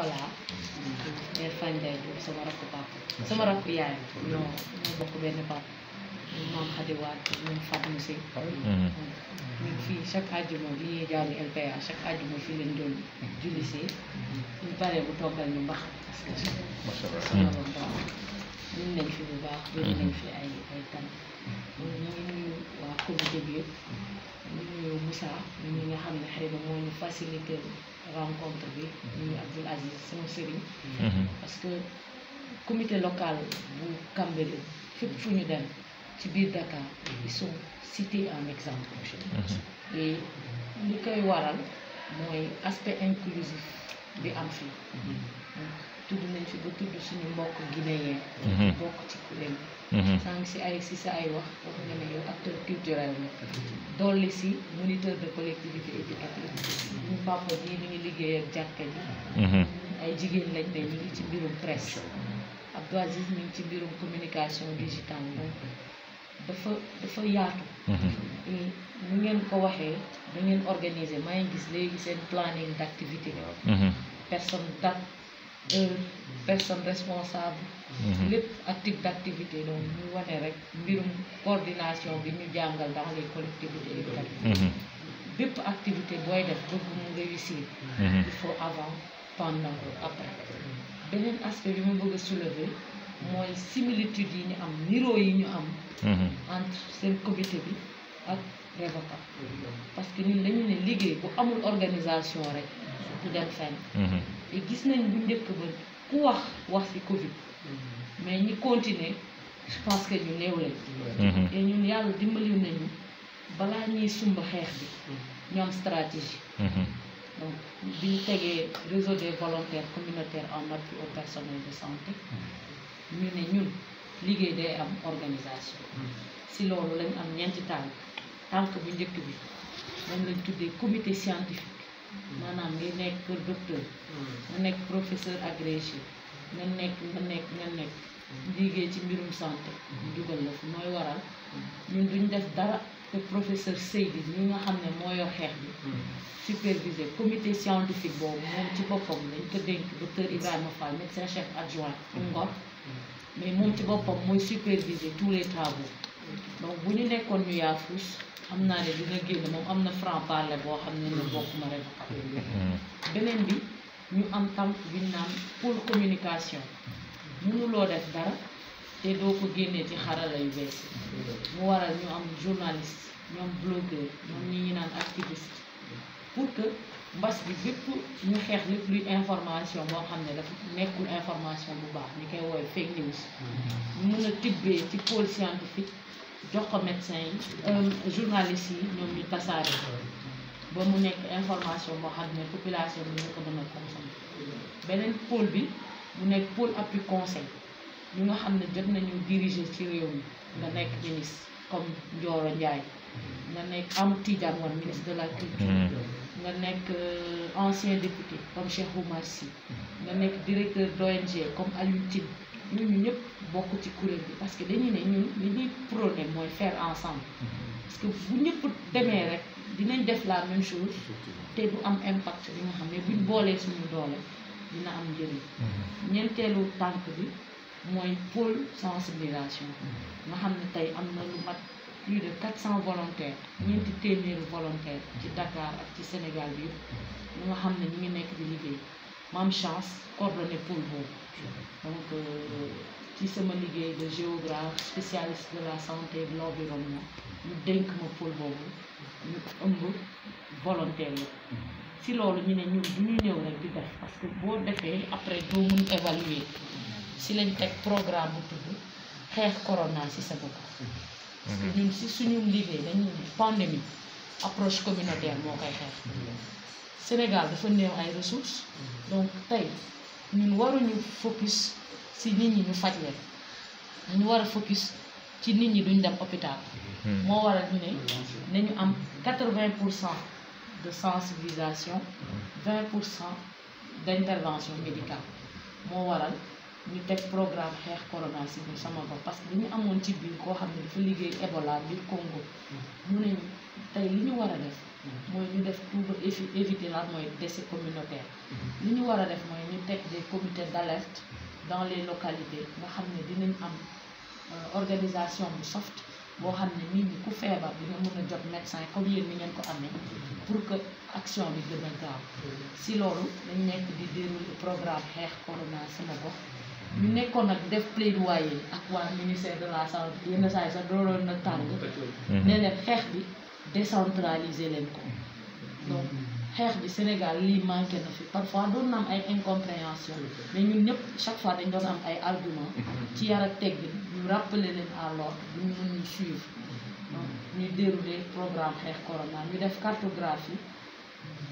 Nicolas mère Fane Ndiaye Diop sama rakku papa sama rakku yaay non ñoo bokk benn papa ñun maam Khady Waat ñun Fatou Moussé mm-hmm. ñun fii chaque àjjuma bi ñuy jaamu LPA chaque àjjuma fii lañ doon julli si mm-hmm. ñu paree bu toggal ñu mbax sama baax ñun nañ fi bu baax jëli mm-hmm. nañ fi ay ay tan ñu waa comité bi yëpp ñu nuyu Moussa ñi nga xam ne xëy moo ñu facilité rencontre bi ñu mhm. Abdoul Aziz sama sëriñ mhm. parce que comité local bu Cambérène fépp fu ñu dem ci biir Dakar mhm. ils sont cités en exemple et li koy waral mooy aspect inclusif bi am fi tudd nañ fi ba tudd suñu mbokk guinéen mhm. bokk ci kuréel sànq mhm. si ay si sa ay wax wax nga ne yow acteur culturel la dolli si moniteur de collectivité éducative ñu papa bii mi ngi liggéey ak jàkka ji mhm. ay jigéen lañ ne ñu ci mbirum presse Abdou Aziz mi ngi ci mbirum communication digitale donc dafa dafa yaatu mu ngeen ko waxee da ngeen organiser maa ngi gis léegi seen planning d' activité personne date personne responsable mhm. lépp active d'activité donc ñu wane rek mbirum coordination bi ñu jàngal dans les collectivités mhm. bépp activité booy def bëgg mu réussir mhm. il faut avant pendant après beneen aspect bi mu bëgg a mooy similitude yi ñu am niroo yi ñu am entre seen comité bi ak révoquant parce que ni dañu ne liggéey bu amul organisation rek du dem fenn mhm. te gis nañ bu njëkk ba ku wax wax ci Covid mais ñi continuer parce que ñu néew lañ mhm. yàlla dimbali nañu balaa ñuy sumb xeex bi ñoom stratégie mhm. donc bi ñu tegee réseau des volontaires communautaires en appui au personnel de santé ñu ne ñun liggéey day am organisation si loolu lañ am ñeenti tànk tànk bu njëkk bi moom lañ tuddee comité scientifique maanaam nga nekk docteur nga nekk professeur agrégé nga nekk nga nekk nga nekk liggéey ci mbirum santé dugal la fi mooy waral ñun duñ def dara te professeur Seydi ñu nga xam ne mooy yor xeex bi supervisé comité scientifique boobu moom ci boppam lañ ko dénk docteur Ibrahima Fall médecin chef adjoint Ngor mm. mais moom ci boppam mooy superviser tous les travaux donc bu ñu nekkoon ñu yaafus am naa ne dina génn moom am na franc parler boo xam ne ne bokk ma rek hmm. beneen bi ñu am tam bi naan pôle communication mënuloo def dara te doo ko génnee ci xarala yu bees mu waral ñu am journaliste ñoom blogueur ñoom ñi naan activiste pour que mbas bi bépp ñu xeex lépp luy information boo xam ne dafa nekkul information bu baax ñu koy woowee fake news hmm. mun a tibbee ci pôle scientifique jox ko médecin yi euh, journaliste yi ñoom ñu tasaare ba mu nekk information boo xam ne population bi ñu ko mën a beneen pôle bi mu nekk pôle appui conseil ñu nga xam ne jot nañu diriger ci réew mi nga nekk ministre comme Ndioro Ndiaye nga nekk Amadou Tidiane Wane ministre de la culture hmm. nga nekk euh, ancien député comme Cheikh Oumar Sy nga nekk directeur d'ONG comme Alioune Tine ñun ñu ñëpp bokk ci kuréel bi parce que dañuy ne ñu li ñuy prôné mooy faire ensemble. Mm-hmm. parce que bu ñëpp demee rek dinañ def la même chose. te du am impact bi nga xam ne buñ boolee suñu doole dina am njëriñ. Mm-hmm. ñeenteelu tànk bi mooy pôle sensibilisation. Mm-hmm. nga xam ne tey am na lu mat plus de 400 volontaires ñeenti téeméeri volontaires ci Dakar ak ci Sénégal bi yëpp nga xam ne ñu ngi nekk di liggéey. ma am chance coordonné pôle boobu donc ci sama liggéey de géographe spécialiste de la santé de l' environnement ñu dénk ma pour boobu ñu ëmb volontaire la si loolu ñu ne ñun du ñu ñëw di def parce que boo defee après doo mun évaluer si lañ teg programme bu tudd xeex corona si sa bopp parce que ñun si suñu liggéey dañuy pandémie approche communautaire moo koy xeex Sénégal dafa néew ay ressources donc tey ñun waruñu focus si nit ñi ñu faj leen ñu war a focus ci nit ñi duñ dem hôpital hmm. moo waral ñu ne nañu am quatre-vingt pour cent de sensibilisation vingt pour cent d'intervention médicale moo waral ñu teg programme xeex corona si ñun sama bopp parce que li ñu amoon ci biir koo xam ne dafa liggéey Ebola biir Congo hmm. mu ne tey li ñu war a def mooy ñu def pour éviter lan mooy décès communautaire mm-hmm. li ñu war a def mooy ñu teg des comités d'alerte dans les localités nga xam ne dinañ am euh, organisation bu soft boo xam ne nit ñi ku feebar di nga mën a jot médecin comme yéen ni ngeen ko amee pour que action bi gën a dañ nekk di déroulé programme xeex corona sama ñu mm-hmm. nekkoon nag def plaidoyer ak waa ministère de la santé yenn saa yi sax tàng mm-hmm. ne xeex bi décentraliser leen ko xeex bi Sénégal lii manqué na fi parfois doon na am ay incompréhension mais ñun ñëpp chaque fois dañ doon am ay argument ci yara tegg teggin ñu rappeler leen à l'ordre bu ñu mën ñu suivre ñu dérouler programme xeex corona ñu def cartographie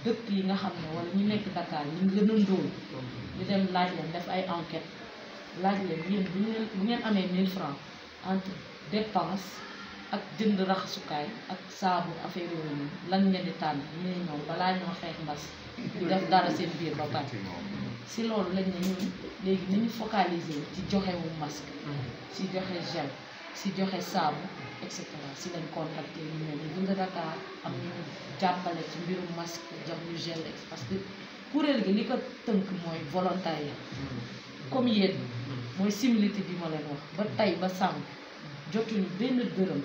dëkk yi nga xam ne walla ñu nekk Dakar ñu gën a ndóol ñu dem laaj leen def ay enquête laaj leen yéen bu ngeen amee 1000 francs entre dépense ak jënd raxasukaay ak saabu affaire yooyu noonu lan ngeen di tànn ne ñoom balaa ñoo xeex mbas ñu def dara seen biir ba pare si loolu lañ ne ñun léegi nañu focaliser ci joxe wu masque si joxe gel si joxe saabu et cetera si lañ contacté ñu ne ñu dund Dakar am ñu jàppale ci mbirum masque jox ñu gel parce que kuréel gi li ko tënk mooy volontariat comme yéen mooy similité bi ma leen wax ba tey ba sàmm jotuñu benn dërëm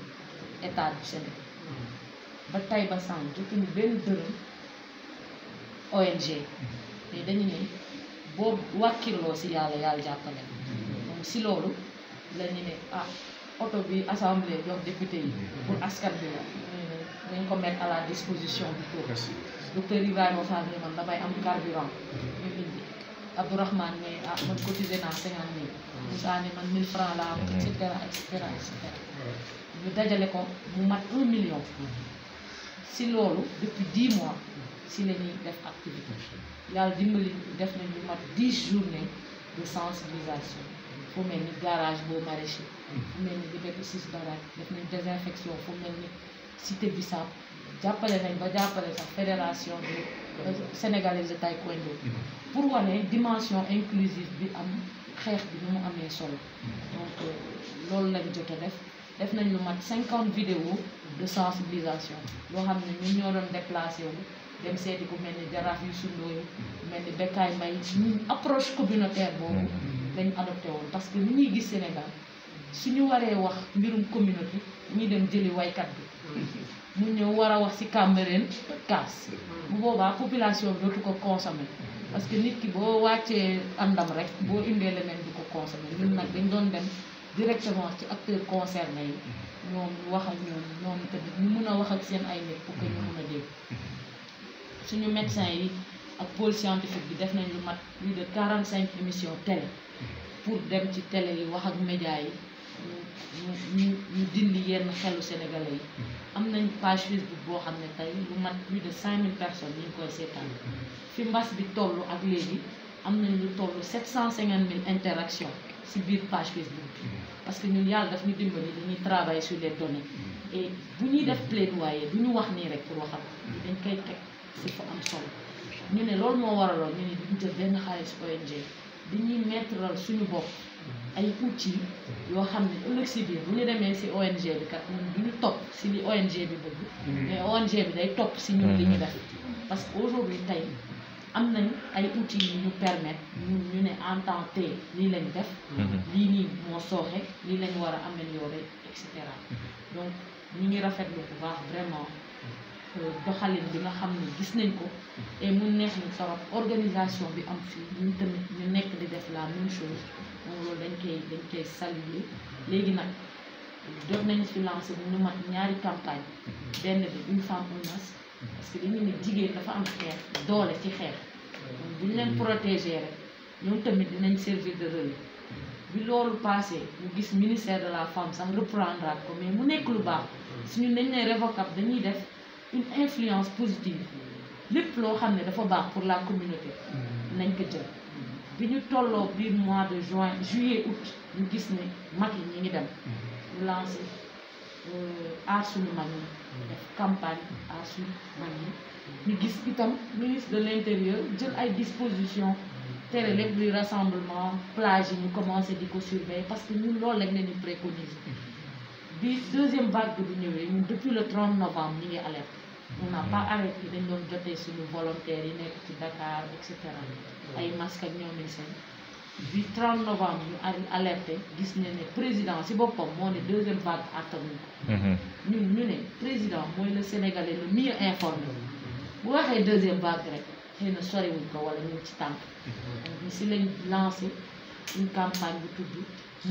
état du Sénégal ba tay ba sànq jotuñu benn dërëm ONG te dañu ne boo wàkkirloo si yàlla yàlla jàppale donc si loolu la ñu ne ah oto bi assemblée jox député yi pour askan bi la nañ ko mettre à la disposition du peuple docteur Ibrahima Fall ne man damay am carburant ñu indi Abdourahmane ne ah man cotisé naa cinquante mille Moussa ne man mille francs la am et cetera et cetera ñu dajale ko mu mat un million si loolu depuis dix mois si la def activité yàlla dimbali def nañ lu mat dix journées de sensibilisation fu mel ni garage boo maraîcher fu mel ni Liberté 6 barrage def nañ désinfection fu mel ni cité Bissap jàppale nañ ba jàppale sax fédération de sénégalaise de taekwondo pour wane dimension inclusive bi am xeex bi ni mu amee solo donc euh, loolu lañ jot def def nañ lu mat cinquante vidéo de sensibilisation yoo xam ne ñun ñoo doon déplacé wu dem seeti ku mel ni jaraaf yu sundooy mel ni bekkaay may ñun approche communautaire boobu dañ mm-hmm. adopté woon parce que ni ñuy gis Sénégal ñu waree wax mbirum communauté ñuy dem jëli waykat bi mm-hmm. mu ñëw war a wax ci Cambérène kaas mm-hmm. bu boobaa population bi dootu ko consommer parce que nit ki boo wàccee andam rek boo indee leneen du ko consommer ñun nag dañ doon dem directement ci acteurs concerné yi moom mm-hmm. ñu wax ak ñoom ñoom tamit ñu mun a wax ak seen ay nit pour que ñu mun a dégg mm-hmm. suñu médecin yi ak pôle scientifique bi def nañ lu mat plus de quarante cinq émissions télé mm-hmm. pour dem ci télé yi wax ak média yi ñu ñu ñu dindi yenn xelu sénégalais yi am nañ page Facebook boo xam ne tey lu mat plus de cinq mille personnes ñu ngi koy seetaan fi mbas bi toll ak léegi am nañ lu toll sept cent cinquante mille interactions si biir page Facebook bi parce que ñun yàlla daf ñu dimbali dañuy travailler sur les données mm. et bu ñuy def waaye du ñu wax nii rek pour waxal dañ koy teg si fa am solo ñu ne loolu moo waraloon ñu ne duñ jël benn xaalis ONG dañuy mettre suñu bopp ay outils yoo xam ne ëllëg si biir bu ñu demee si ONG bi kat ñun du ñu topp si li ONG bi bëgg mm. mais ONG bi day topp si ñun li ñu mm-hmm. def parce que am nañ ay outils yu ñu permettre ñun ñu ne en temps lii lañ def mm-hmm. lii nii moo sooxe lii lañ war a améliorer et cetera mm-hmm. donc ñu ngi rafetlu bu baax vraiment euh, doxalin bi nga xam ne gis nañ ko mm-hmm. te mu neex ni torop organisation bi am fii ñu tamit ñu nekk di def laa même chose moom loolu dañ koy dañ koy saluer léegi nag doon nañ fi lancé bu ñu mat ñaari campagne benn bi une femme un as parce que dañu ne jigéen dafa am xeex doole ci xeex bu ñu leen mm. protéger rek ñoom tamit dinañ servir de relais bi loolu passé ñu gis ministère de la femme sax reprendre ak ko mais mu nekk lu baax mm. suñu nañ ne révocable dañuy def une influence positive lépp loo xam ne dafa baax pour la communauté mm. nañ ko jël bi ñu tolloo biir mois de juin juillet août ñu gis ne mag yi ñu ngi dem ñu lancé Euh, aar suñu mag ñi mm. def campagne aar suñu mag ñi ñu gis itam ministre de l' intérieur jël ay dispositions mm. tere lépp luy rassemblement plage yi ñu commencé di ko surveiller parce que ñu lool lañ leen di mm. bi deuxième vague bi ñëwee ñun depuis le 30 novembre ñu ngi alerte on n'a pas arrêté dañ doon jotee suñu volontaires yi nekk ci Dakar et cetera ay masques ak ñoom seen bi 30 novembre ñu alerte gis ne ne président si boppam moo ne deuxième vague attan mhm. ñun ñu ne président mooy le sénégalais le mieux informé bu waxee deuxième vague rek xëy na soriwuñ ko wala ñu ci tànk ñu mhm. si lañ lancé une campagne bu tudd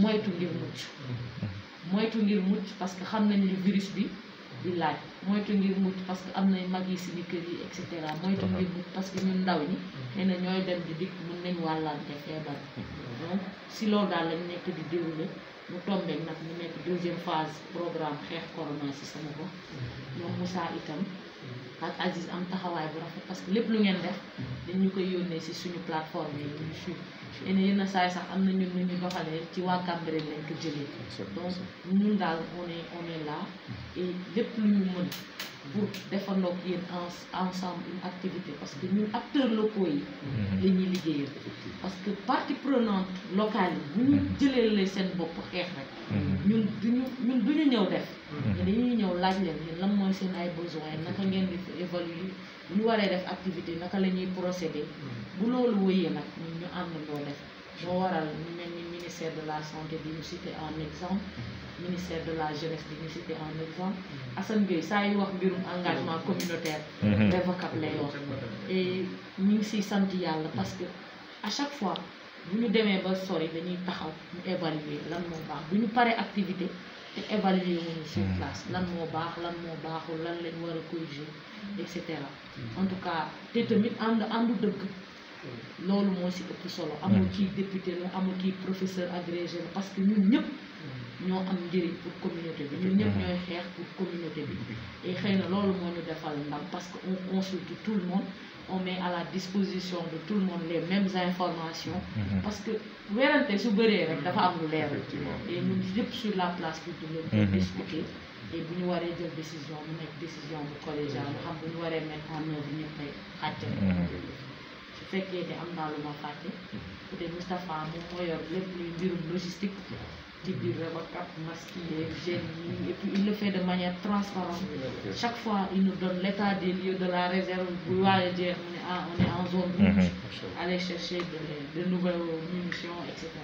moytu ngir mucc mhm. moytu ngir mucc parce que xam nañ ni virus bi di laaj moytu ngir mucc parce que am nay mag yi suñu kër yi et cetera moytu uh-huh. ngir mucc parce que ñun ndaw ñi uh-huh. nee na ñooy dem di dikk mun nañ wàllante feebar uh-huh. donc si loolu daal lañ nekk di déroulé mu tombé nag mu nekk deuxième phase programme xeex corona si sama ko ñoo Moussa itam ak Aziz am taxawaay bu rafet parce que lépp lu ngeen def mm-hmm. dañu koy yónnee si suñu plateforme yi ñu suivre te ne yenn saa sax am na ñu nu ñu doxalee ci waa Cambérène lañ ko jëlee mu ñu daal on est on mm-hmm. lépp lu ñu mën pour defandoo ak yéen ensemble une activité parce que ñu acteurs locaux yi. Mhm. la ñuy parce que partie prenante locale yi. bu ñu mhm. jëlee seen bopp xeex rek. Mhm. ñun duñu ñun duñu ñëw def. dañuy ñëw laaj leen ñun lan mooy seen ay besoins naka ngeen di évaluer bu ñu waree def activité naka la ñuy procéder. bu loolu wëyee nag ñun ñu ànd loo def moo waral ñu mel ni ministère de la santé bi ñu cité en exemple. ministère de la jeunesse bi ñu cité en exemple Assane Gueye saa yu wax mbirum engagement communautaire révocable mhm. lay wax et ñu ngi siy sant yàlla parce que à chaque fois bu ñu demee ba sori dañuy taxaw ñu évaluer lan moo baax bu ñu paree activité te évaluer wuñu sur mhm. place lan moo baax lan moo baaxul lan lañ war a corriger et cetera en tout cas te tamit ànd àndu dëgg loolu moo si ëpp solo amul mhm. kii député la amul kii professeur agrégé la parce que ñun ñëpp ñoo am njëriñ pour communauté bi ñun ñëpp ñooy xeex pour communauté bi xëy na loolu moo ñu defal ndam parce que on consulte tout le monde on met à la disposition de tout le monde les mêmes informations mm-hmm. parce que weerante su bëree rek dafa am lu leer et ñun ñëpp sur la place publique pour mm-hmm. bu ñu waree jël décision mu nekk décision bu collégial mu xam bu ñu waree ma en œuvre ñëpp ay xàcce mm-hmm. su fekkee ne am naa lu ma fàtte peut-être Moustapha moom moo lépp luy mbirum Tibi Rebacap, masqué, génie, et puis il le fait de manière transparente. Chaque fois, il nous donne l'état des lieux de la réserve pour mm-hmm. aller dire on est en, zone mm-hmm. rouge, aller chercher de, nouvelles munitions, etc.